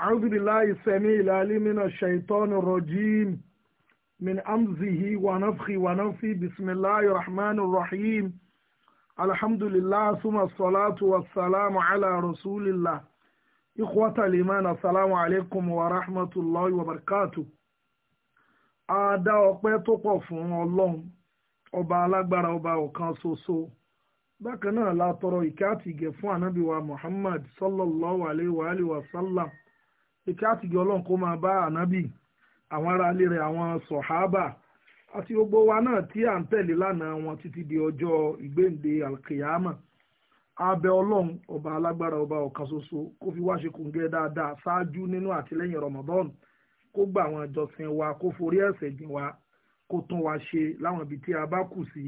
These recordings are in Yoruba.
أعوذ بالله السميع العليم من الشيطان الرجيم من أمزه ونفخه ونفي بسم الله الرحمن الرحيم الحمد لله ثم الصلاة والسلام على رسول الله إخوة الإيمان السلام عليكم ورحمة الله وبركاته A dá ọpẹ́ tó pọ̀ fún Ọlọ́run ọba alágbára ọba ọ̀kan ṣoṣo bákan náà la tọrọ ìkẹ́ àti ìgẹ̀ fún ànábì Muhammad sallallahu alayhi wa sallam ìkẹ́ àtìgẹ ọlọ́run kó máa bá ànábì àwọn ará ilé rẹ̀ àwọn sọ̀hábà àti gbogbo wa náà tí à ń tẹ̀lé lánàá wọn títí di ọjọ́ ìgbéǹde alkiyama abẹ ọlọ́run ọba alágbára ọba ọ̀kan ṣoṣo kó fi wá ṣe kòǹgẹ́ dáadáa ṣáájú nínú àtìlẹ́yìn Ramadan kó gba àwọn ìjọsìn wa kó forí ẹ̀ṣẹ̀ jìn wa kó tún wa ṣe láwọn ibi tí a bá kù sí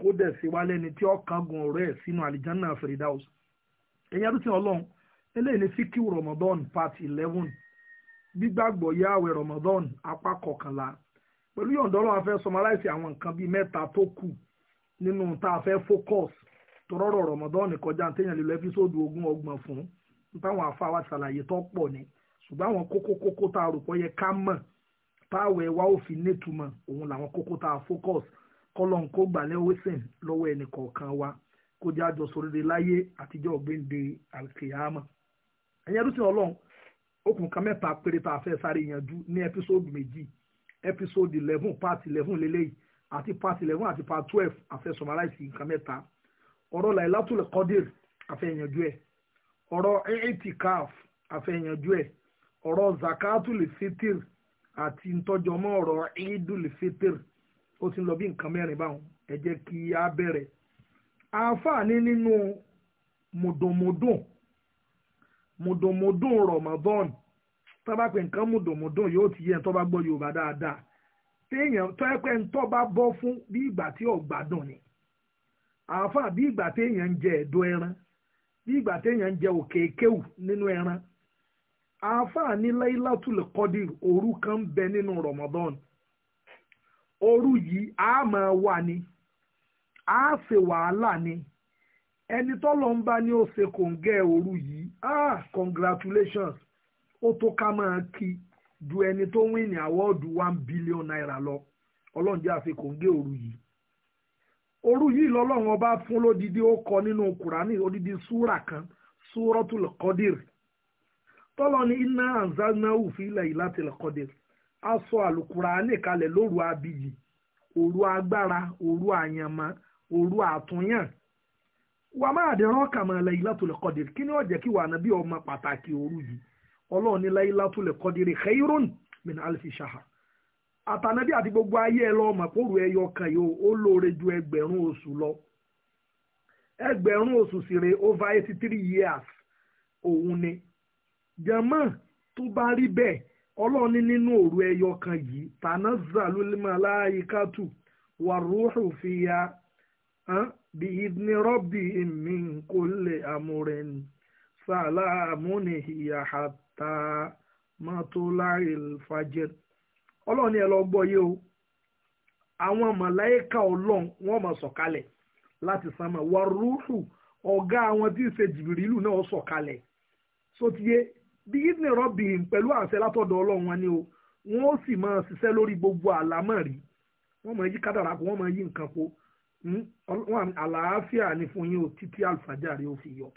kó dẹ̀ sí wa lẹ́ni tí ọ̀kan ọ̀rẹ́ sínú àlìjánná Firdaus ẹ̀yẹ́dúsìn ọlọ́run eléyìí ni fíkìw Ramadan part eleven gbígbàgbọ́ yàwẹ̀ Ramadan apá kọkànlá pẹ̀lú yọ̀ǹda ọlọ́run afẹ́ sọmaláìsì àwọn nǹkan bíi mẹ́ta tó kù nínú tá a fẹ́ focus tọrọrọ Ramadan kọjá téèyàn lè lọ ẹ́písòdù ogún ọgbọ̀n fún nítawọn afa wa ṣàlàyé tó pọ̀ ni ṣùgbọ́n àwọn kókó kókó tá a rò pọ̀ yẹ ká mọ̀ táwẹ̀ wa ò fi nítumọ̀ òun làwọn kókó tá a focus kọlọ́n kó gbàlẹ́ wísìn lọ́wọ́ ẹnì kọ̀ọ̀kan wa kó jẹ́ àjọsọ̀rẹ́dẹ́ láyé àtijọ́ ọ̀gbẹ́ǹde alkiyama ẹ̀yẹn rúṣin ọlọ́run okùn kan mẹ́ta péré tá a fẹ́ sáré yanjú ní ẹpísódù méjì ẹpísódù eleven part eleven lélẹ́yìí àti part eleven àti part twelve a fẹ́ summarize nǹkan mẹ́ta ọ̀rọ̀ lailatul qadir a fẹ́ yanjú ẹ̀ ọ̀rọ̀ itikaf a fẹ́ yanjú ẹ̀ ọ̀rọ̀ zakatul fitr àti ntọ́jọmọ́ ọ̀rọ̀ idul fitr ó ti ń lọ bí nǹkan mẹ́rin báwọn ẹ jẹ́ kí a bẹ̀rẹ̀ àǹfààní nínú mùdùnmùdùn mùdùnmùdùn Ramadan tọ́ba pé nǹkan mùdùnmùdùn yóò ti yẹ tó bá gbọ́ Yorùbá dáadáa téèyàn tó ẹ pé tó bá bọ́ fún bí ìgbà tí ọ̀gbádùn ni àáfàá bí ìgbà téèyàn ń jẹ ẹ̀dọ̀ ẹran bí ìgbà téèyàn ń jẹ òkè kéwù nínú ẹran àáfàá ní Laylatul Qadr òru kan bẹ nínú Ramadan òru yìí a máa wà ní a ṣe wàhálà ni ẹni tọ́lọ̀ ń bá ní òsè kòǹgẹ́ òru yìí ah congratulations ó tó ká máa kí ju ẹni tó win ní àwọ́ọ̀dù one billion naira lọ ọlọ́run jẹ́ àṣẹ kòǹgẹ́ òru yìí òru yìí lọ́lọ́run ọba fún lódìdí ó kọ nínú kùránì odidi súrà kan súrọ́tul kọ́dìr tọ́lọ́ ní iná anzanahu fi laylatil kọ́dìr a sọ àlùkùránì kalẹ̀ lóru abiyì òru agbára òru àyànmọ́ òru àtúnyàn wà máa dẹ̀ rán kàmá Laylatul Qadr kí ni ó jẹ́ kí wà nábì ọmọ pàtàkì òru yìí ọlọ́run ní Laylatul min àtànàbí gbogbo ayé ẹ lọ ọmọ kóru ẹyọ kan yìí ó lóore ju ẹgbẹ̀rún oṣù lọ ẹgbẹ̀rún oṣù sì over eighty years òun ni jẹ̀mọ́ tó bá rí bẹ́ẹ̀ ọlọ́ọ̀ni nínú òru ẹyọ kan yìí tànà zàlúlímọ̀ wà بإذن ربهم من كل أمر سلام هي حتى مطلع الفجر ọlọ́run ni ẹ lọ gbọ́ yé o àwọn màláíkà ọlọ́run wọ́n máa sọ̀kalẹ̀ láti sánmà wàrúùrù ọ̀gá àwọn tí ń ṣe jìbìrìlù náà sọ̀kalẹ̀ sotiye bí ìdílé rọ́bì pẹ̀lú àṣẹ látọ̀dọ̀ ọlọ́run wọn ni o wọ́n sì máa ṣiṣẹ́ lórí gbogbo rí. wọ́n máa yí kádàrá kó wọ́n máa yí nǹkan kó Hmm? àlàáfíà ni fún yín o títí àlùfájàre ó fi yọ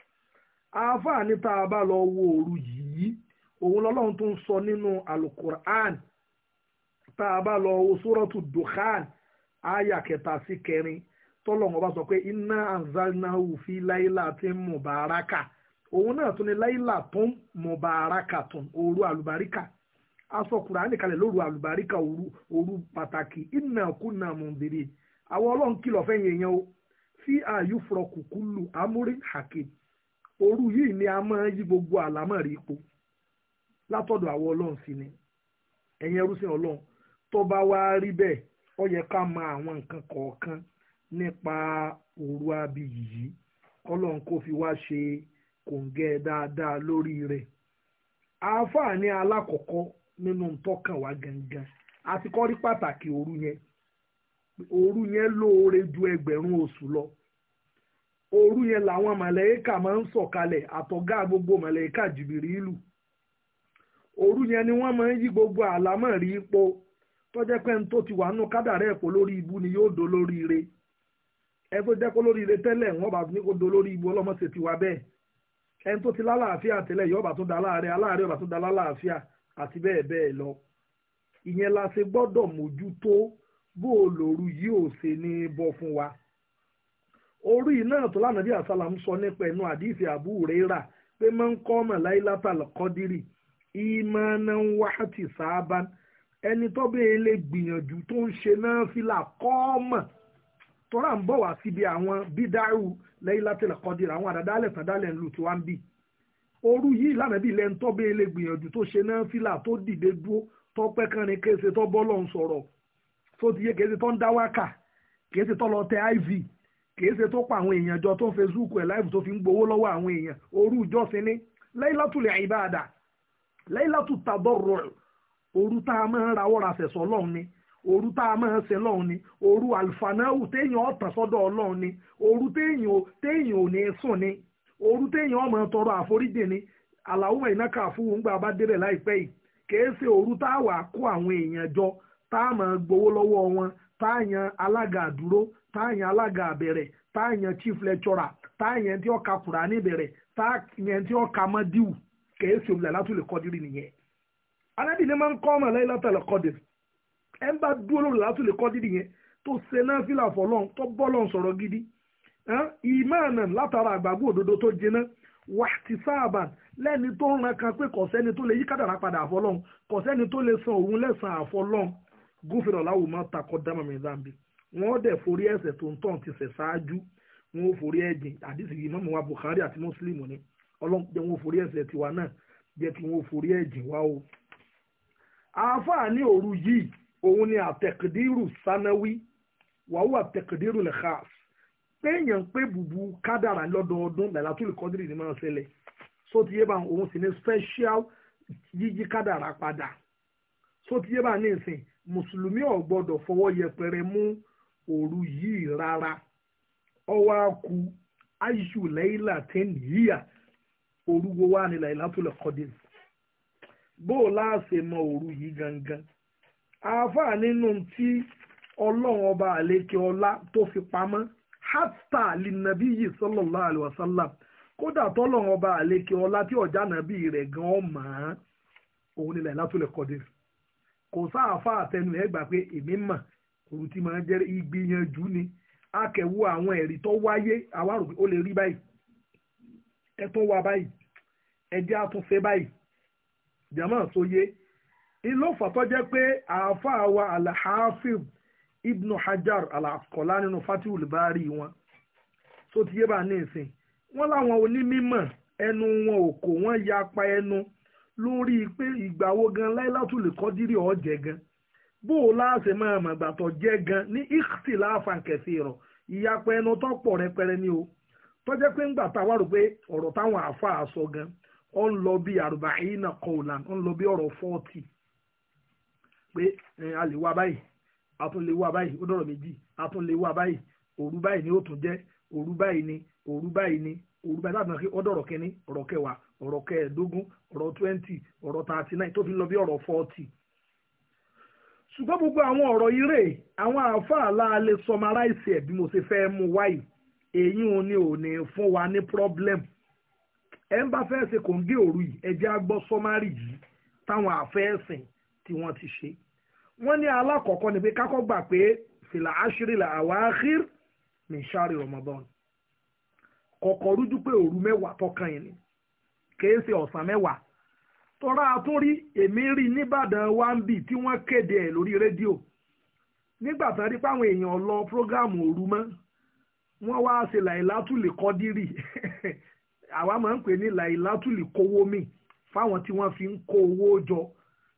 àáfàá ní tá a bá lọ wo òru yìí òun lọ́lọ́run tó ń sọ nínú alukur'an tá a bá lọ wo sórọ́tù dukhan àyà kẹta sí kẹrin tọ́lọ́run ọba sọ pé inna anzalnahu fi laylatin mubaraka òun náà tún ni láìlà tó ń mọ̀bàràkà tó ń òru àlùbáríkà lóru àlùbáríkà òru àwọn ọlọ́run kìlọ̀ fẹ́yìn èèyàn o fi ààyù fọ̀rọ̀kù kúlù amúrí yìí ni a máa yí gbogbo àlámọ̀rí ipò látọ̀dọ̀ àwọn ọlọ́run sí ni ẹ̀yin ẹrú sí ọlọ́run tó bá wá rí bẹ́ẹ̀ ó yẹ ká mọ àwọn nǹkan kọ̀ọ̀kan nípa òru abiyì yìí fi wá ṣe kòǹgẹ́ dáadáa lórí rẹ̀ àáfàá ní gangan àti kọ́rí pàtàkì òru yẹn òru yẹn lóore ju ẹgbẹ̀rún oṣù lọ òru yẹn làwọn màlẹ́kà máa ń sọ̀kalẹ̀ àtọ̀gá gbogbo màlẹ́kà jìbìrì ìlú òru yẹn ni wọ́n máa ń yí gbogbo àlámọ̀ rí ipò tọ́jẹ́ pé n tó ti wà nù kádàrá ẹ̀kọ́ lórí ibu ni yóò do lórí ire ẹ tó jẹ́ kó lórí ire tẹ́lẹ̀ wọ́n bá ní kó do lórí ibu ọlọ́mọ ti wà bẹ́ẹ̀ ẹ tó ti lálàáfíà tẹ́lẹ̀ yóò bá da yóò bá bó o lòru yìí ò ṣe ní bọ́ fún wa orí náà tó lánàá bí àsálà ń sọ nípa ẹnu àdìsí àbú rẹ́rà pé máa ń kọ́ ọmọ láìláta kọ́dírì ìmọ̀ náà ń ẹni tó bẹ́ẹ̀ lè gbìyànjú tó ń ṣe náà fìlà kọ́ ọmọ tọ́ra ń bọ̀ wá síbi àwọn bídáàrú láìláta kọ́dírì àwọn àdádálẹ̀ tàdálẹ̀ ń lù tí wọ́n ń bì òru yìí lánàá bí lẹ́ńtọ́ bẹ́ẹ̀ lè gbìyànjú tó ṣe náà fìlà tó dìde dúró tọ́pẹ́ kánrin kése tó bọ́ lọ́n sọ̀rọ̀ tó ti yé kìí ṣe tó ń dá wákà tó lọ tẹ iv kìí ṣe tó pa àwọn èèyàn jọ tó ń facebook ẹ̀ live tó fi ń gbowó lọ́wọ́ àwọn èèyàn òru ìjọsìn ni laylatul tá a máa ń rawọ́ ra sẹ̀sọ́ ọlọ́run ni òru tá a máa ń ni téèyàn ọ̀tàn sọ́dọ̀ ọmọ tọrọ àforíjì ni àlàó gbà bá débẹ̀ láìpẹ́ yìí kèé ṣe tá tá a máa gbowó lọ́wọ́ wọn tá a yan alága àdúró tá a yan alága àbẹ̀rẹ̀ tá a yan chief lecturer tá a yan tí ó ka Kùránì bẹ̀rẹ̀ tá a yan tí ó ka mọ́díwù kèé sí olùlà látò lè kọ́dírì nìyẹn. anábì ni máa ń kọ́ ọmọ lẹ́yìn látàlẹ̀ kọ́dírì ẹ ń bá dúró lórí látò lè kọ́dírì yẹn tó ṣe náà fìlà fọlọ́n tó bọ́lọ́n sọ̀rọ̀ gidi ìmáànà látara àgbàgbọ́ òdodo tó jiná wàtí sáàbà lẹ́ni tó ń rankan pé kọ̀sẹ́ni tó lè yí kádàrá padà àfọlọ́n kọ̀sẹ́ni tó lè san òun lẹ́sàn àfọlọ́n gúnfèrè ọ̀làwò máa takọ dámà mi zambi wọ́n dẹ̀ forí ẹ̀ṣẹ̀ tó ń tàn ti ṣẹ̀ ṣáájú wọn ò forí ẹ̀jìn àdìsí ìmáàmù wa Bukhari àti Muslim ni ọlọ́jẹ́ wọn ò forí ẹ̀ṣẹ̀ tiwa náà jẹ́ kí wọn ò forí ẹ̀jìn wa o. àáfàá ní òru yìí òun ni àtẹ̀kìdírù sanawi wàhùn àtẹ̀kìdírù lè khas péèyàn pé bùbù kádàrà lọ́dọọdún làlátúlù kọ́dírì ni máa ṣẹlẹ̀ sótìyẹ́ bá òun sì ní special yíyí kádàrà padà sótìyẹ́ bá ní ìsìn mùsùlùmí ò gbọ́dọ̀ fọwọ́ yẹpẹrẹ mú òru yìí rárá ọwọ́ akú aishu leila ten yíyà òru wo wà ní Lailatul Qadr bó o láàṣẹ mọ òru yìí gangan àáfàá nínú tí ọlọ́run ọba àlékè ọlá tó fi pamọ́ hatta linabi yìí sallallahu alaihi wasallam kódà tọ́lọ́run ọba àlékè ọlá tí ọjà nàbí rẹ̀ gan-an mọ̀ ọ́n òun ní Lailatul Qadr kò sáàfà àtẹnu ẹ̀ gbà pé èmi mọ̀ òru tí máa jẹ́ ìgbìyànjú ni akẹ̀wò àwọn ẹ̀rí tó wáyé àwárò pé ó lè rí báyìí ẹ tún wá báyìí ẹ jẹ́ àtúnṣe báyìí jàmọ́ tó yé ilé òfàtọ́ jẹ́ pé àáfàá wa alhafiz ibn hajar alakọ̀lá nínú fatihul bari wọn tó ti yé bá ní ìsìn wọn láwọn onímọ̀ ẹnu wọn ò kò wọ́n yapa ẹnu. E lórí pé ìgbà gan láìláàtú lè kọ́ dírí ọ̀jẹ̀ gan bó o láàṣẹ máa mọ̀ gbàtọ̀ jẹ gan ní ìkìtì láàfàn kẹsì rọ̀ ìyapọ̀ ẹnu tó pọ̀ rẹpẹrẹ ni o tọ́jẹ́ pé ńgbà tá a wá rò pé ọ̀rọ̀ gan ọ ń lọ bí àrùbá ọ lọ bí ọ̀rọ̀ fọ́ọ̀tì pé a lè wá a tún lè wá báyìí ó dọ̀rọ̀ ni ó tún jẹ́ òru ni òru báyìí ni òru báyìí láti mọ̀ ọ̀rọ̀ kẹẹ̀ẹ́dógún ọ̀rọ̀ twenty ọ̀rọ̀ thirty nine tó fi lọ bí ọ̀rọ̀ forty ṣùgbọ́n gbogbo àwọn ọ̀rọ̀ ire àwọn àáfàá láàlẹ́ summarize ẹ̀ bí mo ṣe fẹ́ mú wáyé èyí ò ní ò ní fún wa ní problem ẹ ń bá fẹ́ ṣe kò ń gé òru yìí ẹjẹ́ á gbọ́ summary yìí táwọn àfẹ́ẹ̀sìn tí wọ́n ti ṣe wọ́n ní alákọ̀ọ́kọ́ ni pé kákọ́ gbà pé fìlà áṣírí là àwáhír min ṣáàrì Ramadan kọ̀kọ́ rújú pé òru mẹ́wàá tọ́kàn yẹn ni kìí ṣe ọ̀sán mẹ́wàá tọ́ra àtúnrí èmi rí nìbàdàn wambi tí wọ́n kéde ẹ̀ lórí rédíò nígbà tán rí páwọn èèyàn lọ prógáàmù òru mọ́ wọ́n wá ṣe làìlátùlì kọ́dírì àwa máa ń pè ní làìlátùlì kówó mi fáwọn tí wọ́n fi ń kó owó jọ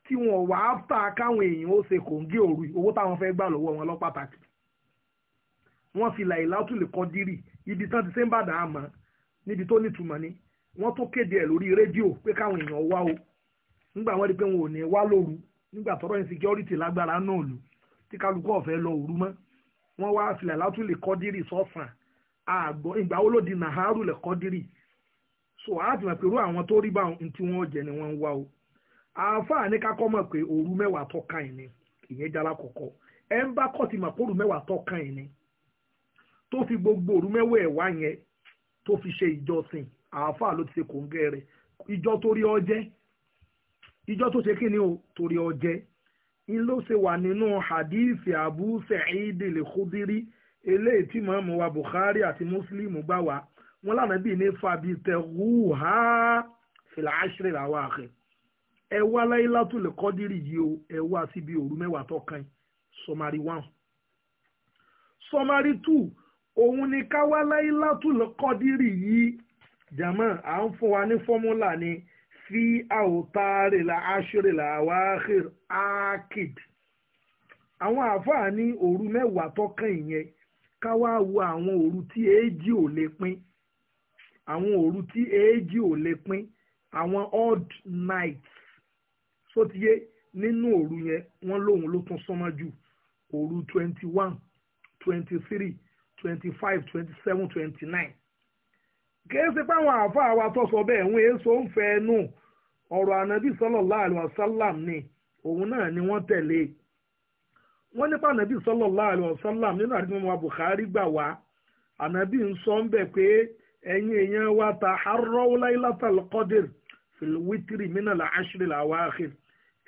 tí wọ́n wà áfà káwọn èèyàn ó ṣe kòǹgé òru owó táwọn fẹ́ gbà lọ́wọ́ wọn lọ pàtàkì wọ́n fi làìlátùlì kọ́dírì ibi tán ti ṣe ń bàdàn àmọ́ níbi tó nítumọ̀ ni wọ́n tún kéde ẹ̀ lórí rédíò pé káwọn èèyàn wá o nígbà wọ́n rí pé wọn ò ní wá lóru nígbà tọ́rọ̀ insecurity lágbára náà lù tí kálukú ọ̀fẹ́ lọ òru mọ́ wọ́n wá filẹ̀ látúlẹ̀ kọ́dírì sọ́sàn àgbọ̀ ìgbà wo nàhárù so a mọ̀ pé irú àwọn tó rí bá wọ́n wá o àáfàá àáfàá ló ti ṣe kòńgẹ́ rẹ̀ ìjọ torí ọjẹ́ ìjọ tó ṣe kíni o torí ọjẹ́ ń ló ṣe wà nínú hadithi abu sa'id al-khudiri eléyìí tí mọ̀ọ́mù wa bukhari àti muslim gbà wá wọn lánàá bíi ní fabi tẹ̀húhá fìlàṣírí làwọn àkè ẹ wá láyélátùl kọ́dírì yìí o ẹ wá síbi òru mẹ́wàá tó sọmarí one sọmarí two òun ni ká wá láyélátùl kọ́dírì yìí jàmọ́ à ń fún wa ní fọ́múlà ni fi àwòtáre la aṣọ́rẹ̀ la wáhìr akid àwọn àáfàá ní òru mẹ́wàá tọ́kàn ìyẹn ká wá wo àwọn òru tí èéjì ò lè pín àwọn òru tí èéjì ò lè pín àwọn odd nights sótìyé nínú òru yẹn wọ́n lóun ló tún súnmọ́ jù òru twenty one twenty three twenty five twenty seven twenty nine ka ṣe páwọn àáfàá awa tó sọ bẹ́ẹ̀ wọn èso ń fẹ́ ẹnu ọ̀rọ̀ ànábì sallallahu wasallam ni òun náà ni wọn tẹ̀lé wọn nípa anabi sallallahu laali wasallam nínú àdìmọ́ wa buhari gbà wá wa ta harraw laylatul qadr fil witri minal ashri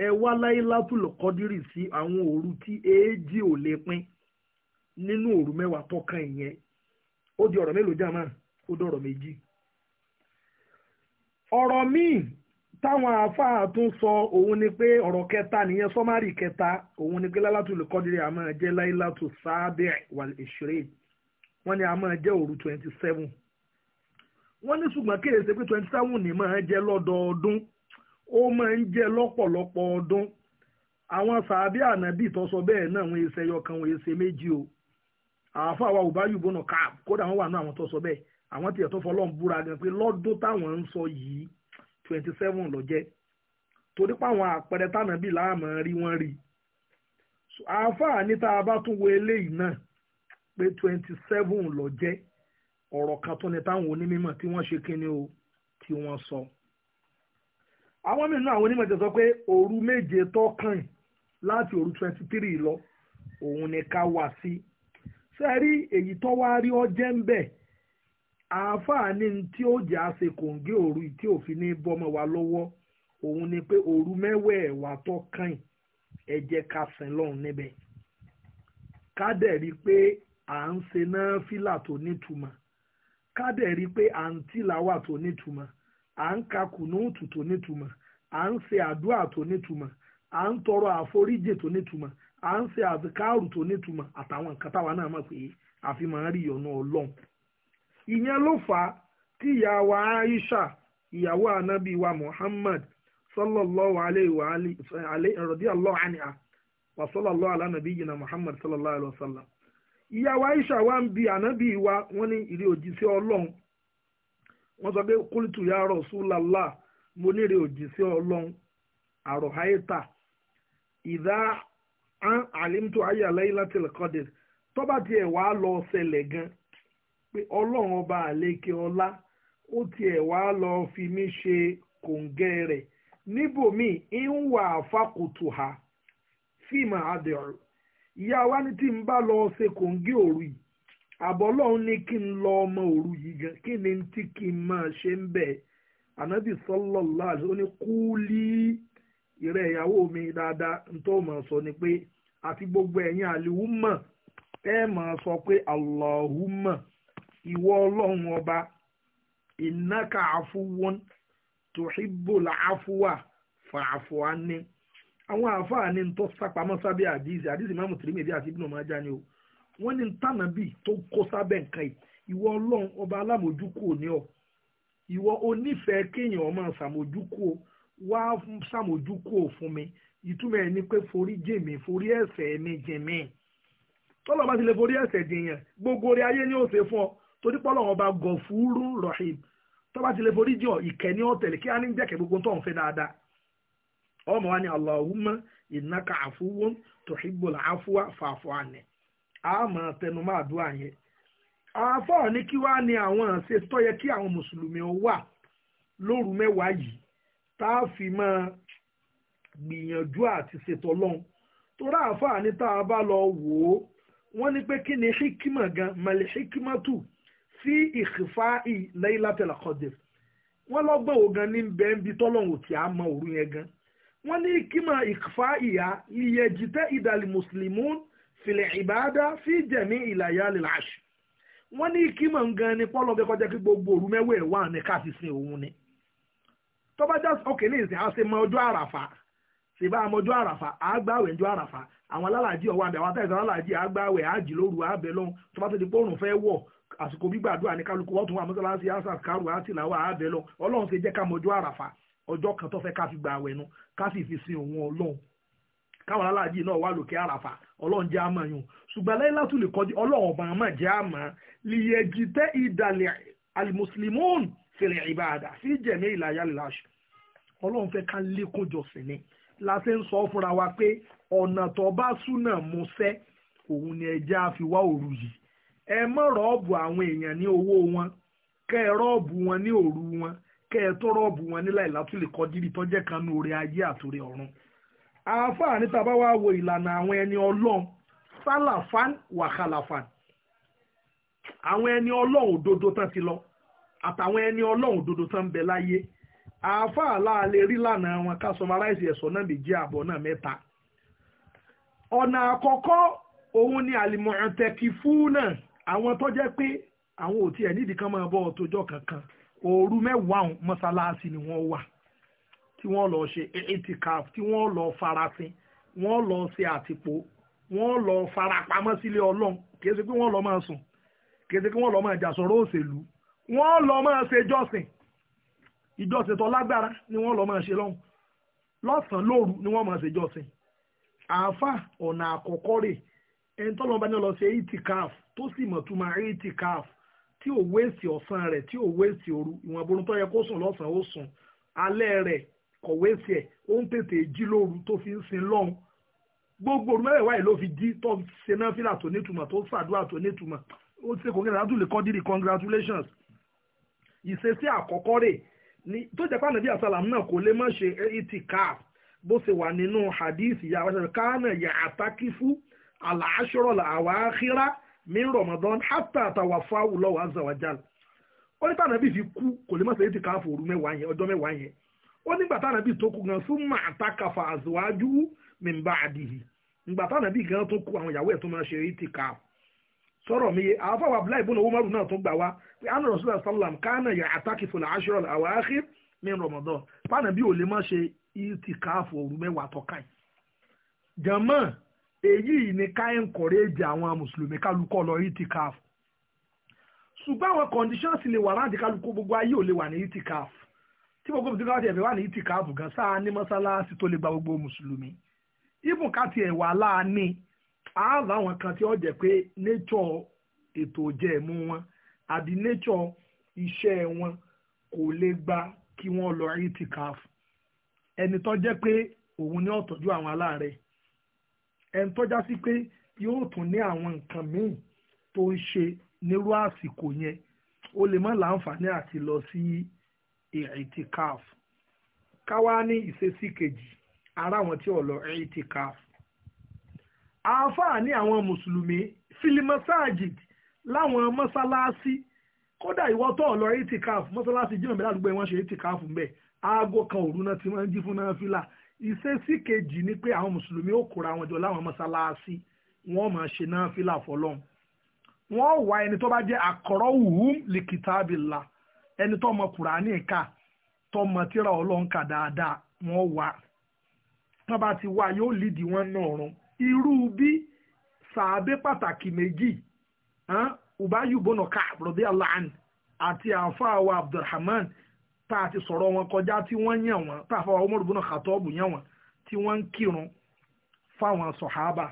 ẹ wá laylatul qadr sí àwọn òru tí èéjì ò lè pín nínú òru mẹ́wàá ìyẹn di mélòó ó dọ̀rọ̀ méjì ọ̀rọ̀ wọn táwọn àáfàá tún sọ òun ni pé ọrọ kẹta nìyẹn sọmarị kẹta òun ni pé lálátù lè kọ́dìrì a jẹ jẹ́ láìlátù sáábẹ̀ wal ìṣeré wọ́n ní a máa jẹ́ òru twenty seven wọ́n ní ṣùgbọ́n kéde ni máa jẹ́ lọ́dọọdún ó máa ń jẹ́ lọ́pọ̀lọpọ̀ ọdún àwọn ànábì tó sọ bẹ́ẹ̀ náà wọ́n ṣe ẹyọ kan o àáfàá wa ò bá yùbọ̀nà kódà wọ́n wà náà àwọn àwọn tiẹ̀ tó fọlọ́n búra gan pé lọ́dún táwọn ń sọ yìí twenty seven ló jẹ́ torí páwọn àpẹẹrẹ tánà bíi láàmú rí wọ́n rí àáfàá ní bá tún wo eléyìí náà pé twenty seven ló jẹ́ ọ̀rọ̀ kan tó ní táwọn onímọ̀ tí wọ́n ṣe kíni o tí wọ́n sọ. àwọn mìíràn àwọn onímọ̀ ti sọ pé òru méje tó láti òru twenty three lọ òun ni ká wà sí. ṣé èyí tó wá rí ọ jẹ́ ń bẹ̀ àáfàá ní tí ó jẹ́ àṣẹ kòǹgé òru tí òfin ní bọ́mọ wa lọ́wọ́ òun ni pé òru mẹ́wẹ̀ẹ̀wá tó kàn ẹ jẹ́ ká sìn lọ́hùn níbẹ̀ ká dẹ̀ rí i pé à ń ṣe náà fìlà tó nítumọ̀ ká dẹ̀ rí i pé à ń tìlàwà tó nítumọ̀ à ń ka kùnúùtù tó nítumọ̀ à ìyẹn ló fà á tí ìyàwó Aisha ìyàwó anabi wa Muhammad sallallahu alayhi wa alayhi radiyallahu wa sallallahu ala nabiyyina Muhammad sallallahu alayhi wa sallam ìyàwó Aisha wa ń bi anabi wa wọ́n ní ìrè òjíṣẹ́ Ọlọ́run wọ́n sọ pé kúlìtù ya Rasulullah mo ní ìrè òjíṣẹ́ Ọlọ́run àròháyétà ìdá alimtu ayé aláìlá tẹlẹkọdẹ tọ́ba pé ọlọ́run ọba àlékè ọlá ó lọ fi mí ṣe kòǹgẹ́ rẹ̀ níbòmíì ń wà àfàkùtù ha fíìmù adìrò ìyá wa ni tí n bá lọ ṣe kòǹgẹ́ òru yìí àbọ̀lọ́run ní kí n lọ ọmọ òru yìí gan kí ni tí kí n máa ṣe ń bẹ̀ ànábì sọlọ́lá ó ní kúlí ìrẹ́ gbogbo àlìwú mọ̀ ẹ máa sọ pé ìwọ ọlọ́run ọba inaka afuwon tòhíbòl àfúwà fàáfùá ní àwọn àáfàá ni tó sápamọ́ sábẹ́ àdìsí àdìsí mọ́mù tìrìmẹ̀dì àti ibùdó máa jáni o wọ́n ní tànàbì tó kó sábẹ́ nǹkan yìí ìwọ ọlọ́run ọba alamojuku ni ọ ìwọ onífẹ̀ẹ́ kéèyàn ọmọ o wá sàmójúkú fún mi ìtumọ̀ ẹ̀ ni pé forí forí mi tọ́lọ́ bá ti lè forí gbogbo torí pọ́lọ́ ọba gọ̀fúrú rahim tọ́ba ti lè forí jọ ìkẹ́ ní ọ̀tẹ̀lẹ̀ kí á ní jẹ́kẹ̀ gbogbo tó ń fẹ́ dáadáa ọmọ wa ni Allahumma innaka afuwun tuhibbul afwa fa'fu anni a máa tẹnu máa dúà yẹn àáfàá ní kí wàá ní àwọn àṣẹ tó yẹ kí àwọn mùsùlùmí wà lóru mẹ́wàá yìí tá a fi máa gbìyànjú àti ṣètò ọlọ́run torí àáfàá ní tá a bá lọ wò ó wọ́n ní pé kí ni hikima gan mali tù fi ìkìfà Laylatul Qadr wọ́n lọ́gbọ̀n ògan ní bẹ́ẹ̀ bí tọ́lọ́hùn tí a mọ òru yẹn gan wọ́n ní kíma ìkìfà ìyá liyajtahida ìdàlì muslimun fil ibada fi jami'i layalil ashr wọ́n ní kíma gan ni pọ́lọ́ bẹ́ẹ̀ kọjá kí gbogbo òru mẹ́wẹ̀ẹ́ wà ní káfíńsìn òun ni tọ́ba já ọkẹ́ ní ìsìn àṣẹ mọ àràfà ṣèbá àmọ́ àràfà àgbàwẹ̀ ọjọ́ àràfà àwọn alálàájì ọwọ́ àbẹ̀ àwọn àtàìsàn alálàájì àgbàwẹ̀ àjìlóru àbẹ̀ tọ́ba tó di pé fẹ́ wọ̀ àsìkò gbígbàdúrà ní kálukú wọ́n tún wà mọ́sálásí asas kárù àti làwọn àábẹ̀ lọ ọlọ́run ṣe jẹ́ ká mọjọ́ àràfà ọjọ́ kan tó fẹ́ ká fi gbà àwẹ̀ nu ká sì fi sin òun ọlọ́run káwọn aláàjì náà wà lókè àràfà ọlọ́run jẹ́ àmọ́ yun ṣùgbọ́n lẹ́yìn látù lè kọjú ọlọ́run ọba àmọ́ jẹ́ àmọ́ lìyẹ̀jì tẹ́ ìdàlẹ̀ alimuslimun fèrè ìbáadà sí jẹ̀mí ìlàyà lìláṣù òun ni ẹja fi wá òru yìí ẹ má rọ́ọ̀bù àwọn èèyàn ní owó wọn kẹ́ ẹ wọn ní òru wọn kẹ́ tó rọ́ọ̀bù wọn ní láìlátúlè kan ní orí ayé àtòrí àáfàá wa wo ìlànà àwọn ẹni ọlọ́run sálàfán wàhálàfán àwọn ẹni ọlọ́run òdodo tán ti lọ àtàwọn ẹni ọlọ́run òdodo tán bẹ láyé àáfàá láàlẹ́ rí lánàá wọn ká ẹ̀sọ́ náà àbọ̀ náà mẹ́ta ọ̀nà àkọ́kọ́ òun ni àlìmọ̀ràn fún àwọn tó jẹ́ pé àwọn ò tiẹ̀ nídìí kan máa bọ́ ọ̀tọ́jọ́ kankan òru mẹ́wàá ọ̀hún mọ́sálásí ni wọ́n wà tí wọ́n lọ ṣe etikaf tí wọ́n lọ farasin wọ́n lọ ṣe àtìpó wọ́n lọ farapamọ́ sílé ọlọ́run kìí ṣe pé wọ́n lọ máa sùn kìí ṣe pé wọ́n lọ máa jàsọ̀rọ̀ òṣèlú wọ́n lọ máa ṣe jọ́sìn ìjọsìn tó lágbára ni wọ́n lọ máa ṣe lọ́hùn lọ́sàn-án lóru ni wọ́n máa ṣe jọ́sìn àáfà ọ̀nà àkọ́kọ́ rèé ẹni tó lọ́ba ní lọ ṣe itikaf tó sì mọ̀ tó máa itikaf tí ò wéèsì ọ̀sán rẹ̀ tí ò wéèsì òru ìwọ̀n burú tó yẹ kó sùn lọ́sàn-án ó sùn alẹ́ rẹ̀ kò wéèsì ẹ̀ ó ń tètè jí lóru tó fi ń sin lọ́hùn gbogbo òru mẹ́rẹ̀ẹ̀wá yìí ló fi jí tó ṣe náà fílà tó nítumọ̀ tó ṣàdúrà tó nítumọ̀ ó ti kò gẹ́gẹ́ látúlẹ̀ kọ́ndìrì congratulations ìṣesí àkọ́kọ́ rẹ̀ tó jẹ́ pàánà bí àsàlám náà kò lè má ṣe itikaf bó ṣe wà nínú hadith ìyá àwọn ṣẹlẹ̀ káánà yà àtàkì fún àlàáṣọ́rọ̀ làwọn àkírá mi rọ̀mọ̀dán hátà àtàwà fáwù lọ́wọ́ azawajal ó ní tànàbí fi kú kò lè má ṣe é ti káfò òru mẹ́wàá yẹn ọjọ́ mẹ́wàá yẹn ó nígbà tànàbí tó kú gan fún máa takàfà àzọ̀wájú mìmbà àdìhì ìgbà tànàbí gan tó kú àwọn ìyàwó ẹ̀ tó máa ṣe é ti ká sọ̀rọ̀ mi yé àwọn fáwọn abúláì bọ́nà owó márùn náà tó gbà wá pé anna rasulullah sallam kánà yà àtàkì fòlà aṣọ́rọ̀ àwọn àkír ní rọmọdán tànàbí ò lè má ṣe é ti káfò òru mẹ́wàá tọ́ka èyí ni ká encourage àwọn mùsùlùmí kálukọ́ lọ itikaf ṣùgbọ́n àwọn conditions lè wà láti kálukọ́ gbogbo ayé ò lè wà ní itikaf tí gbogbo ìdíkà ti ẹ̀fẹ̀ wà ní itikaf gan sáà ní mọ́sálásí tó lè gba gbogbo mùsùlùmí ibùn ká ti ẹ̀wà láàánì ààrùn àwọn kan tí ó jẹ́ pé nature ètò òjẹ́ ẹ̀mú wọn àbí nature iṣẹ́ wọn kò lè gba kí wọ́n lọ itikaf ẹni tó jẹ́ pé òun ni ó tọ́jú àwọn aláàrẹ̀ ẹni tọ́já sí pé yóò tún ní àwọn nǹkan míì tó ń ṣe nírú àsìkò yẹn ó lè má láǹfààní àti lọ sí ìrìtìkáf káwá ní ìṣesí kejì ara àwọn tí ò lọ ìrìtìkáf àáfàá ní àwọn mùsùlùmí filimasajid láwọn mọ́sálásí kódà ìwọ tó ọ̀ lọ mọ́sálásí jìnnà mẹ́ta àdúgbò ṣe ìrìtìkáf ń bẹ̀ aago kan òru náà ti máa ń jí fún náà fílà ìṣesí kejì ni pé àwọn mùsùlùmí ó kóra wọn jọ láwọn mọ́sálásí wọ́n máa ṣe náà fílà fọlọ́n wọ́n wá ẹni tó bá jẹ́ àkọ́rọ́ wùhùm likitabillah ẹni tó mọ kùránì ká tó mọ tíra ọlọ́nkà dáadáa wọ́n wá tó bá ti wá yóò lídìí wọn náà rún irú bí sàábé pàtàkì méjì ubayu bonoka rọ̀bí aláàánì àti àfáàwọ̀ abdulrahman tá a ti sọ̀rọ̀ wọn kọjá tí wọ́n yàn wọ́n tá a fọwọ́ Umar ibn Khattab yàn wọ́n tí wọ́n ń kírun fáwọn sọ̀hábà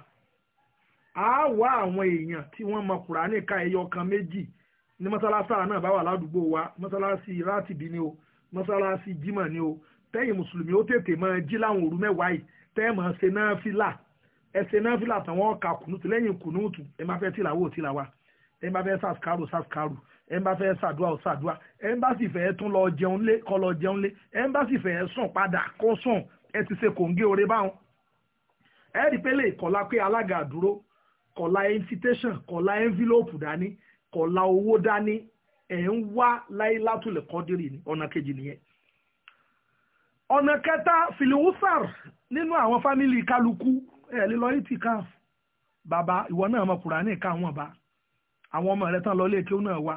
á wá àwọn èèyàn tí wọ́n mọ kùránì ká ẹyọ kan méjì ní mọ́sálásí náà bá wà ládùúgbò wa mọ́sálásí rátìbí ni o mọ́sálásí jimá ni o tẹ́yìn mùsùlùmí ó tètè máa jí láwọn òru mẹ́wàá yìí tẹ́ máa ṣe náfìlà ẹ ṣe náfìlà tàwọn ọ̀ka kùnútù lẹ́yìn kùnútù ẹ máa fẹ́ tìlàwó tìlàwá ẹ máa fẹ́ sàskárù sàskárù ẹ̀ ń bá fẹ́ ṣàdúrà ó ṣàdúrà ẹ̀ ń bá sì fẹ́ tún lọ jẹun lé kọ́ lọ jẹun lé ẹ̀ ń bá sì fẹ́ sùn padà kó sùn ẹ ti ṣe kòǹgé oore báwọn. ẹ rí pé lè kọ̀la pé alága àdúró kọ̀la invitation kọ̀la envelope dání kọ̀la owó dání ẹ̀ ń wá láyé látòlẹ̀ kọ́dírì ní ọ̀nà kejì nìyẹn. ọ̀nà kẹta filiwusar nínú àwọn fámìlì kálukú ẹ̀ lílọ itikaf bàbá ìwọ náà mọ kùránì ká wọn bá àwọn ọmọ rẹ tán lọ lé kí ó náà wà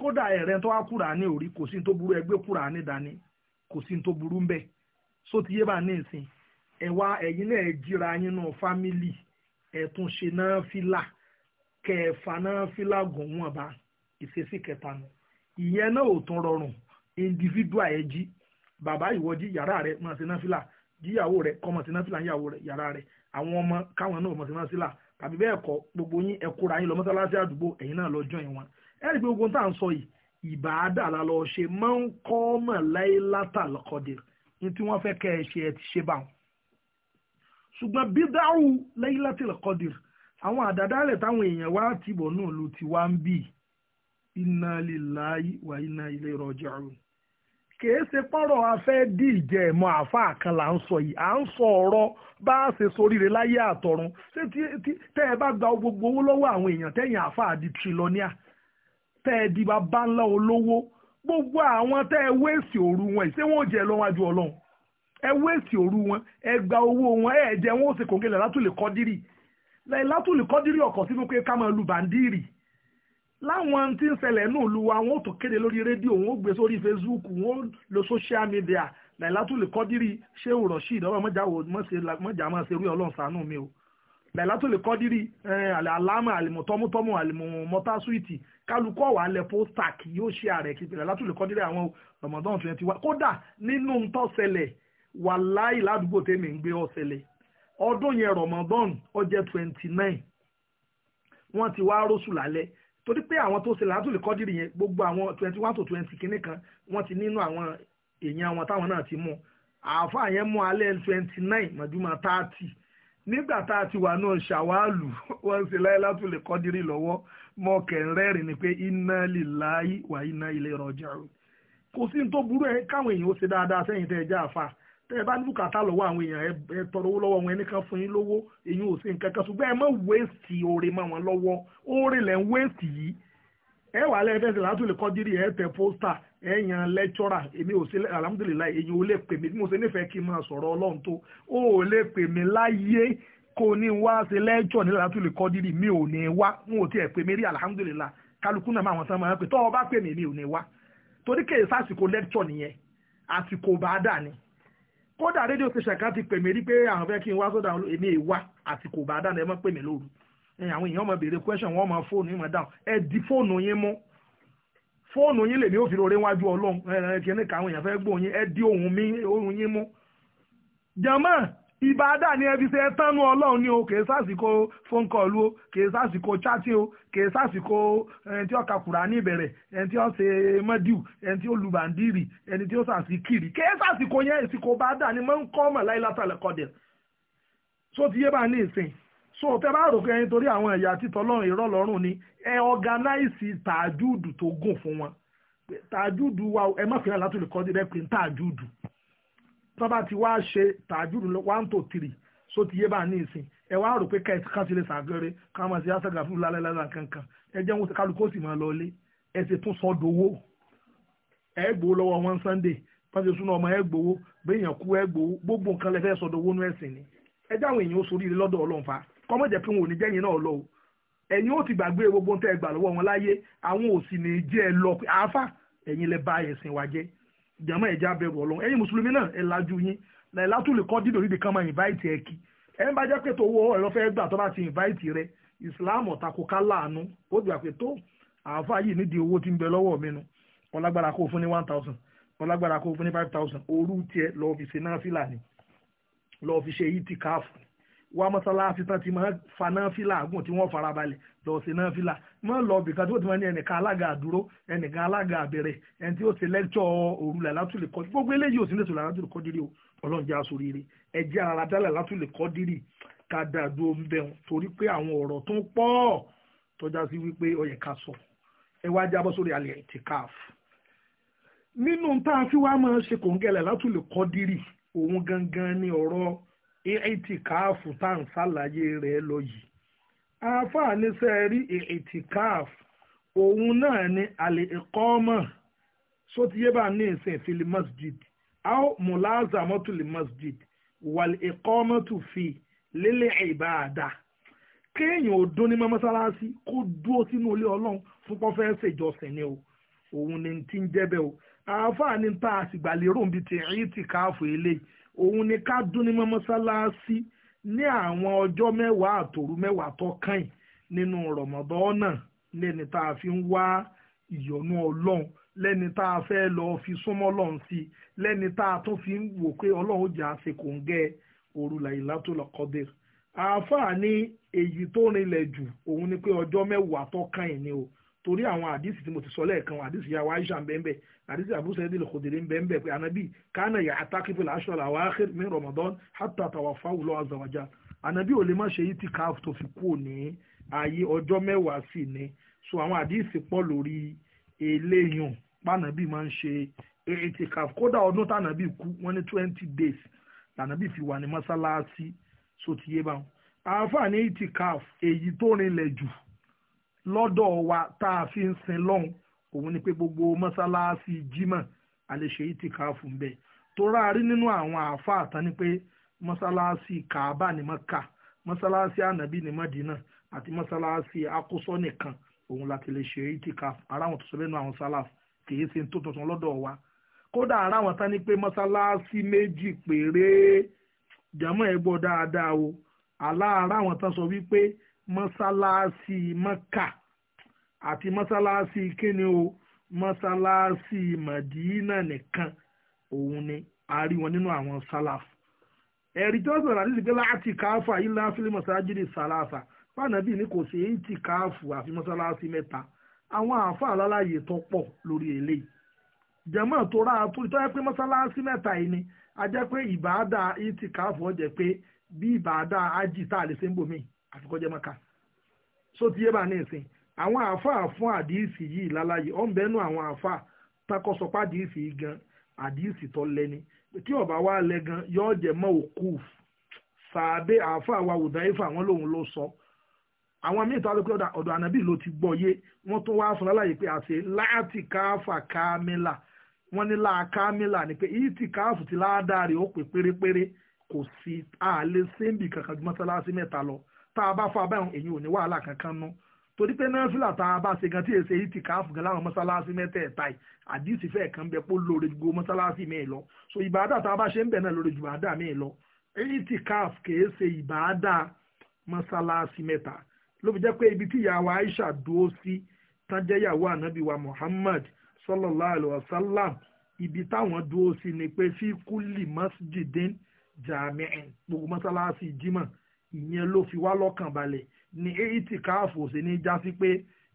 kódà ẹ̀rẹ́ tó wá Kùránì orí kò sí tó burú ẹgbẹ́ Kùránì dání kò sí tó burú ń bẹ̀ só ti yé bá ní ìsìn ẹ̀wá ẹ̀yin náà ẹ̀ jíra yín náà fámìlì ẹ̀tún ṣe náà fìlà kẹfà náà fìlà gùn wọn bá ìṣesí kẹta nù ìyẹn náà ò tún rọrùn individual ẹ jí bàbá ìwọ jí yàrá rẹ máa ṣe náà fìlà jíyàwó rẹ kọ́ máa ṣe náà fìlà yàwó rẹ yàrá rẹ àwọn ọmọ káwọn náà máa ṣe náà fìlà tàbí bẹ́ẹ̀ kọ́ gbogbo yín ẹ yín lọ mọ́sálásí àdúgbò ẹ̀yin náà lọ ìwọ̀n ẹ̀rí pé ogun tá à ń sọ yìí ìbáàdà la lọ ṣe máa ń kọ́ mọ̀ láyé látàlọ́kọ́dé ní tí wọ́n fẹ́ kẹ́ ẹ ṣe ẹ ti ṣe báwọn. ṣùgbọ́n bídáwù láyé látàlọ́kọ́dé àwọn àdádálẹ̀ táwọn èèyàn wá ti bọ̀ náà ló ti wá ń bì inna lillahi wa inna ilayhi raji'un. kìí ṣe pọ́rọ̀ afẹ́ dí ìjẹ́ ẹ̀mọ́ àáfàá kan là ń sọ yìí à ń sọ ọ̀rọ̀ bá a ṣe soríire láyé àtọ̀run ṣé tẹ́ ẹ bá gba gbogbo owó lọ́wọ́ àwọn èèyàn tẹ́yìn àáfàá di trilọ́níà tẹ́ ẹ di bàbá ńlá olówó gbogbo àwọn tẹ́ ẹ wéèsì òru wọn ṣé wọn ò jẹ lọ́wọ́ àjọ ọlọ́run ẹ wéèsì òru wọn ẹ gba owó wọn ẹ jẹ wọn ó sì kòǹgẹ́ lẹ́látùlẹ̀ kọ́dírì lẹ́látùlẹ̀ kọ́dírì ọkọ̀ sínú pé ká máa lu bàndírì láwọn tí ń ṣẹlẹ̀ náà lu wa wọn ò tó kéde lórí rédíò wọn ò gbé sórí Facebook wọn ò lo social media lẹ́látùlẹ̀ kọ́dírì ṣé òrọ̀ sí ìdánwò mọ́jà mọ́ṣe mọ́jà máa ṣerú ọlọ́run ṣàánú mi o làìlátò lè kọ́ dírí àlámà àlìmọ̀tọ́mútọ́mù àlìmọ̀mọ́tà súwìtì kálukọ́ wà lẹ̀ postac yóò ṣe ààrẹ kí làìlátò lè kọ́ dírí àwọn Ramadan twenty one kódà nínú ntọ́sẹlẹ̀ wàláì ládùúgbò tèmi ń gbé ọ̀sẹlẹ̀ ọdún yẹn Ramadan ọjẹ́ twenty nine wọ́n ti wá rọ́ṣù lálẹ́ torí pé àwọn tó ṣe làìlátò kọ́ dírí yẹn gbogbo àwọn twenty one to twenty kìíní kan wọ́n ti nínú àwọn èèyàn àwọn táwọn náà ti mú àáfàá yẹn mú alẹ́ twenty nine mọ̀júmọ́ thirty nígbà tá a ti wà náà ṣàwálù wọ́n ṣe láìláàtú lè kọ́dírí lọ́wọ́ mọ́ kẹ̀rẹ́rìn ni pé inna lillahi wa inna ilaihi o kò sí tó burú ẹ káwọn èèyàn ó ṣe dáadáa sẹ́yìn tẹ́ ẹ já àfa tẹ́ ẹ bá ní bùkátà lọ́wọ́ àwọn èèyàn ẹ tọrọ owó lọ́wọ́ wọn ẹnìkan fún yín lówó èyí ò sí nǹkan kan ṣùgbọ́n ẹ má wéèsì oore mọ́ wọn lọ́wọ́ oore lẹ́ ń wéèsì yìí ẹ wà lẹ́ẹ̀fẹ́sẹ̀ látòlè kọ́dírí ẹ tẹ pósítà ẹ̀yàn lẹ́tọ́rà èmi ò sí alhamdulilayi èyí ò lè pè mí bí mo ṣe nífẹ̀ẹ́ kí n máa sọ̀rọ̀ ọlọ́run tó ó ò lè pè mí láyé kò ní wá ṣe lẹ́jọ́ nílẹ̀ láti lè kọ́ dírì mi ò ní wá n ò tiẹ̀ pè mí rí alhamdulilayi kálukú náà máa wọ́n sàn máa pè tọ́ ọ bá pè mí mi ò ní wá torí kèé sásìkò lẹ́tọ̀ nìyẹn àsìkò bá dà ni kódà rédíò station kan ti pè mí rí pé àwọn fẹ́ kí n wá sódà èmi ì wá àsìkò bá dà ni ẹ má pè mí lóru question wọ́n máa fóònù yín máa dáhùn ẹ fóònù yín lèmi ò fi rore wájú ọlọ́run ẹ̀rẹ̀ kìíní káwọn èèyàn fẹ́ gbọ́ yín ẹ dí ohun mi ohun yín mú. jama ìbáadà ni ẹ fi ṣe ẹ tánú ọlọ́run ni o kìí sásìkò phone call o kìí sásìkò chatting o kìí sásìkò ẹni tí ó ka Kùránì ìbẹ̀rẹ̀ ẹni tí ó ṣe mọ́díù ẹni tí ó lu bàndìrì ẹni tí ó sàṣì kiri kìí sásìkò yẹn ìsìkò báadà ni mọ́ ń kọ́ mọ̀ láìlátàlẹ́kọ̀dẹ̀ so ti yé so tẹ bá rò pé ẹyin torí àwọn ẹ̀yà títọ́ lọ́rùn irọ́ lọ́rùn ni ẹ ọ̀gánáìsì tàájúdù tó gùn fún wọn tàájúdù wa ẹ má fìyà látòlè kọ́ dídẹ́ pé tàájúdù tó bá ti wá ṣe tàájúdù one to three so ti yé bá ní ìsìn ẹ wá rò pé kẹ́ẹ̀tì kan ti lè sàgẹ́rẹ́ ká máa ṣe aṣágàfù lálẹ́lálẹ́ kankan ẹ jẹ́ wọn kálukú sì máa lọ ilé ẹ sì tún sọ́dọ̀ ẹ gbowó lọ́wọ́ wọn Sunday pàṣẹ súná ọmọ ẹ gbowó bẹ́ẹ̀ yàn kú ẹ gbowó gbogbo nǹkan lẹ fẹ́ sọ́dọ̀ owó ẹ̀sìn ni ẹ jáwọ́ èèyàn ó sorí lọ́dọ̀ Ọlọ́run fa kọ́mọ̀ jẹ́ pé wọn ò ní jẹ́yìn náà lọ o ẹ̀yin ó ti gbàgbé gbogbo tẹ́ ẹ gbà lọ́wọ́ wọn láyé àwọn ò sì ní jẹ́ ẹ lọ pé àáfà ẹ̀yin lẹ bá ẹ̀sìn wa jẹ́ jàmọ́ ẹ̀já bẹ̀rù ọlọ́run ẹ̀yin mùsùlùmí náà ẹ̀ lajú yín láìlátù lè kọ́ dídò níbi kan máa invite ẹ kí ẹ̀ ń bá jẹ́ pé tówó ẹ̀rọ fẹ́ gbà tó bá ti invite rẹ Islam ọ̀tako ká láàánú ó gbà pé tó àáfà yìí nídìí owó ti ń bẹ lọ́wọ́ mi nu ọlágbára kó fún ní one thousand ọlágbára kó fún ní five thousand òru tiẹ̀ lọ́ọ́ fi ṣe náà fìlà ni lọ́ọ́ fi ṣe yìí ti káàfù wá mọ́sálásí tán ti máa fa náfìlà àgùn tí wọ́n farabalẹ̀ lọ sí náfìlà mọ́ lọ bìkan tí ó ti máa ní ẹnìkan alága àdúró ẹnìkan alága àbẹ̀rẹ̀ ẹni tí ó ti lẹ́kṣọ̀ òrùlẹ̀ látúlẹ̀ kọ́ gbogbo eléyìí ò sí lẹ́sọ̀ látúlẹ̀ kọ́ dírí o ọlọ́run jẹ́ aṣọ rere ẹjẹ́ ara dálẹ̀ látúlẹ̀ kọ́ dírí ká dàdú omi bẹ̀rùn torí pé àwọn ọ̀rọ̀ tó ń pọ̀ tọ́já sí wípé ó yẹ ká sọ ẹ wá jábọ́ sórí alẹ́ ìtìkáf nínú ìtìkáàfù tá à ń ṣàlàyé rẹ̀ lọ yìí àáfàá ní rí ìtìkáàfù òun náà ni àlè ìkọ́mọ̀ sótìyébà ní ìsìn ìfìlì masjid ao mùláàzà mọ́tòlì masjid wàlè ìkọ́mọ̀tò fi lélẹ̀ ìbáàdà kéèyàn ò dún ní mọ́mọ́sálásí kó dúró sínú ilé ọlọ́run fún pọ́fẹ́ ṣèjọsìn ni o òun ni ti ń jẹ́bẹ̀ o àáfàá ní ta àsìgbàlérò bíi ti ìtìkáàfù eléyìí òun ni ká dún ní mọ́mọ́sálásí ní àwọn ọjọ́ mẹ́wàá àtòru mẹ́wàá tó nínú rọ̀mọ̀dọ́ lẹ́ni tá a fi ń wá ìyọ́nú ọlọ́run lẹ́ni tá a fẹ́ lọ fi súnmọ́ ọlọ́run sí i lẹ́ni tá a tún fi ń wò pé ọlọ́run jà ṣe kò ń gẹ́ òru Lailatul Qadr àáfàá ní èyí tó rinlẹ̀ jù òun ni pé ọjọ́ mẹ́wàá tó kàn ní o torí àwọn àdìsí tí mo ti sọ lẹ́ẹ̀kan àdìsí yàwá aisha bẹ́ẹ̀bẹ́ àdìsí Abu Sa'id al-Khudri bẹ́ẹ̀bẹ́ pé anabi kánà yà àtàkìfẹ́ làásù al-awakhir min Ramadan hatta tawaffahu Allah azza wa jal anabi ò lè má ṣe itikaf tó fi kú ní ayé ọjọ́ mẹ́wàá sí ni so àwọn àdìsí pọ̀ lórí eléyàn pànàbí máa ń ṣe itikaf kódà ọdún tànàbí kú wọ́n ní twenty days tànàbí fi wà ní mọ́sálásí so ti yé báwọn àǹfààní itikaf èyí tó rinlẹ̀ jù lọ́dọ̀ wa tá a fi ń sin lọ́hùn òun ni pé gbogbo mọ́sálásí jímọ̀ àlèṣe yìí ti kà fún bẹ́ẹ̀ tó ráàrí nínú àwọn àáfàá tán ni pé mọ́sálásí kàábà ní Mákà mọ́sálásí ànàbí ní Mádínà àti mọ́sálásí akósọ́ nìkan òun la ti lè ṣe yìí ti kà ara àwọn tó sọ lẹ́nu àwọn sálàf kìí ṣe tó tuntun lọ́dọ̀ wa kódà ara àwọn tán ni pé mọ́sálásí méjì péré jàmọ́ ẹ̀ gbọ́ dáadáa o aláàárá àwọn tán sọ wípé mọ́sálásí mọ́kà àti mọ́sálásí kíni o mọ́sálásí mọ̀dínà nìkan òun ni a rí wọn nínú àwọn sálàf ẹ̀rí tó sọ̀rọ̀ àti ìgbélá àti káfà ilá fílẹ̀ mọ̀sájìrì sálàfà fànàbí ni kò sí èyí káfù àfi mọ́sálásí mẹ́ta àwọn àáfà alálàyé tó pọ̀ lórí eléyìí jẹ̀mọ́ tó rà á tó ìtọ́jú pé mọ́sálásí mẹ́ta yìí ni a jẹ́ pé ìbáadà ìtìkáfù ó jẹ́ pé bí ìbáadà ájì tá a lè ṣe àfikọ́jẹ́ mọ́ka so ti yé bá ní ìsìn àwọn àáfàá fún àdìsí yìí lálàyé ọ̀n bẹ́ẹ̀ nú àwọn àáfàá takọ́sọpá àdìsí yìí gan àdìsí tó lẹ́ni tí ọba wa lẹ gan yóò jẹ mọ́ òkú sàbẹ àáfàá wa òdáyéfà wọn lòun ló sọ àwọn míì tó alókè ọ̀dọ̀ ànábì ló ti gbọ́ yé wọ́n tún wá fún lálàyé pé àti láti káfà kámílà wọ́n ní láàkámílà ni pé ìtì káfù ti láàdáre ó pè pérépéré kò sí àlè sẹ́ńbì kankan ju mọ́sálásí mẹ́ta lọ tá a bá fọ abáyọ̀ èyí ò ní wàhálà kankan nú torí pé náfìlà tá a bá ṣe gan tí èsè yìí ti káàfù gan láwọn mọ́sálásí mẹ́tẹ̀ẹ̀ta yìí àdìsí fẹ́ẹ̀ kan bẹ pé lóore ju mọ́sálásí mi lọ so ìbáadà tá a bá ṣe ń bẹ̀ náà lóore ju ìbáadà mi lọ èyí ti káàfù kèé ṣe ìbáadà mọ́sálásí mẹ́ta ló fi jẹ́ pé ibi tí ìyàwó Aisha dúró sí tán jẹ́ ìyàwó ànábì wa Muhammad sallallahu alayhi wa sallam ibi táwọn ni pé fi masjidin jami'in gbogbo mọ́sálásí ìyẹn ló fi wá lọ́kàn balẹ̀ ní eighty káàfù ṣe ní já sí pé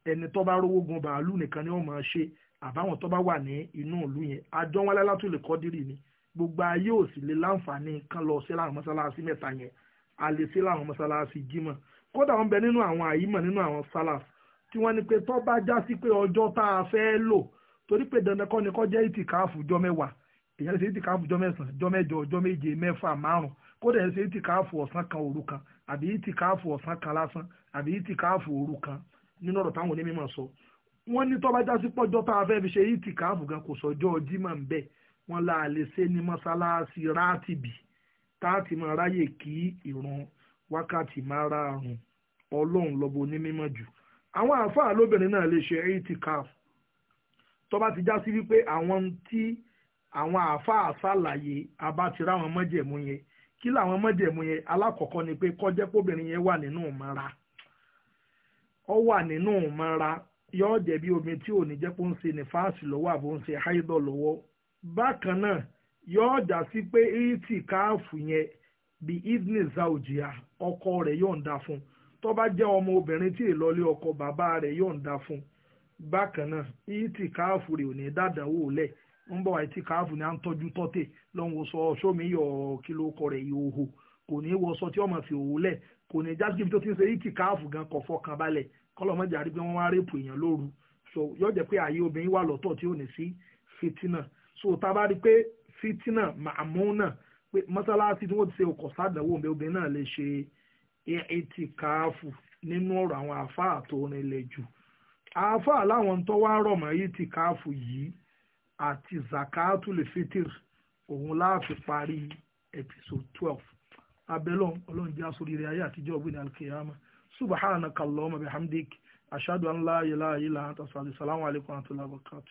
ẹni tó bá rówó gun bàálù nìkan ni wọ́n máa ṣe àbáwọn tó bá wà ní inú ìlú yẹn àjọ wọn lálátò lè kọ́dírì ni gbogbo ayé ò sì lè láǹfààní kan lọ sí láwọn mọ́sálásí mẹ́ta yẹn a lè sí láwọn mọ́sálásí jímọ̀ kódà wọn bẹ nínú àwọn àyímọ̀ nínú àwọn sálàf tí wọ́n ní pé tó bá já sí pé ọjọ́ tá a fẹ́ lò torí pé dandan kọ́ ni kọ́ jẹ́ ìtìkáàfù jọ mẹ́wàá èèyàn lè ṣe ìtìkáàfù jọ mẹ́sàn-án jọ mẹ́jọ jọ méje mẹ́fà márùn-ún kódà ẹ̀ ṣe ìtì káàfù ọ̀sán kan òru kan àbí ìtì káàfù ọ̀sán kan lásán àbí ìtì káàfù òru kan nínú ọ̀rọ̀ táwọn onímọ̀ sọ wọ́n ní tọ́ba jásí pọ́jọ́ tá a fẹ́ fi ṣe ìtì káàfù gan kò sọ́jọ́ jímọ̀ ń bẹ̀ wọ́n là lè ṣe ní mọ́sálásí táàtì máa ráyè kí wákàtí ọlọ́run lọ́bọ onímọ̀ jù àwọn àáfàá lóbìnrin náà lè ṣe ìtì ti àwọn àáfàá ṣàlàyé abá ti mọ́jẹ̀mú kí làwọn mọ́jẹ̀mú yẹn alákọ̀ọ́kọ́ ni pé kọjá kóbìnrin yẹn wà nínú ìmọ̀ra ọ wà nínú ìmọ̀ra yóò jẹ́ bí omi tí ò ní jẹ́ pé ó ń ṣe nífàásì lọ́wọ́ àbò ń ṣe háídọ̀ lọ́wọ́ bákan náà yóò já sí pé ìtì káàfù yẹn bí idni zaujia ọkọ rẹ̀ yọ̀ǹda fún tó bá jẹ́ ọmọ obìnrin tí ìlọlé ọkọ bàbá rẹ̀ yọ̀ǹda fún bákan náà ìtì káàfù rẹ̀ ò ní dàdánwò lẹ̀ ń bọ̀ àìtí káàfù ní à ń tọ́jú tọ́tẹ̀ lọ́hùn sọ ṣómiyọ̀ kí ló kọ rẹ̀ ìhòhò kò ní wọṣọ tí ọmọ fi òwò lẹ̀ kò ní jáde ibi tó ti ń ṣe ìtì káàfù gan kọ̀ fọkàn balẹ̀ kọ́lọ́mọ́jà rí pé wọ́n wá rèpù èèyàn lóru so yóò jẹ́ pé ààyè obìnrin wà lọ́tọ̀ tí ò ní sí fitina so tá a bá rí pé fitina màmúnà pé mọ́sálásí tí wọ́n ti ṣe ọkọ̀ sádàwó mi obìnrin náà lè ṣe nínú ọ̀rọ̀ àwọn àáfàá tó rinlẹ̀ jù àáfàá láwọn tó wá rọ̀ mọ́ àti zakatul fitr òun láàfi parí episode twelve abẹ́lọ́n ọlọ́run jẹ́ àsórí rẹ̀ ayé àtijọ́ ọ̀gbìn alkiyama subhanaka allahumma bihamdik Ashadu an la ilaha illa anta astaghfiruka wa atubu ilayk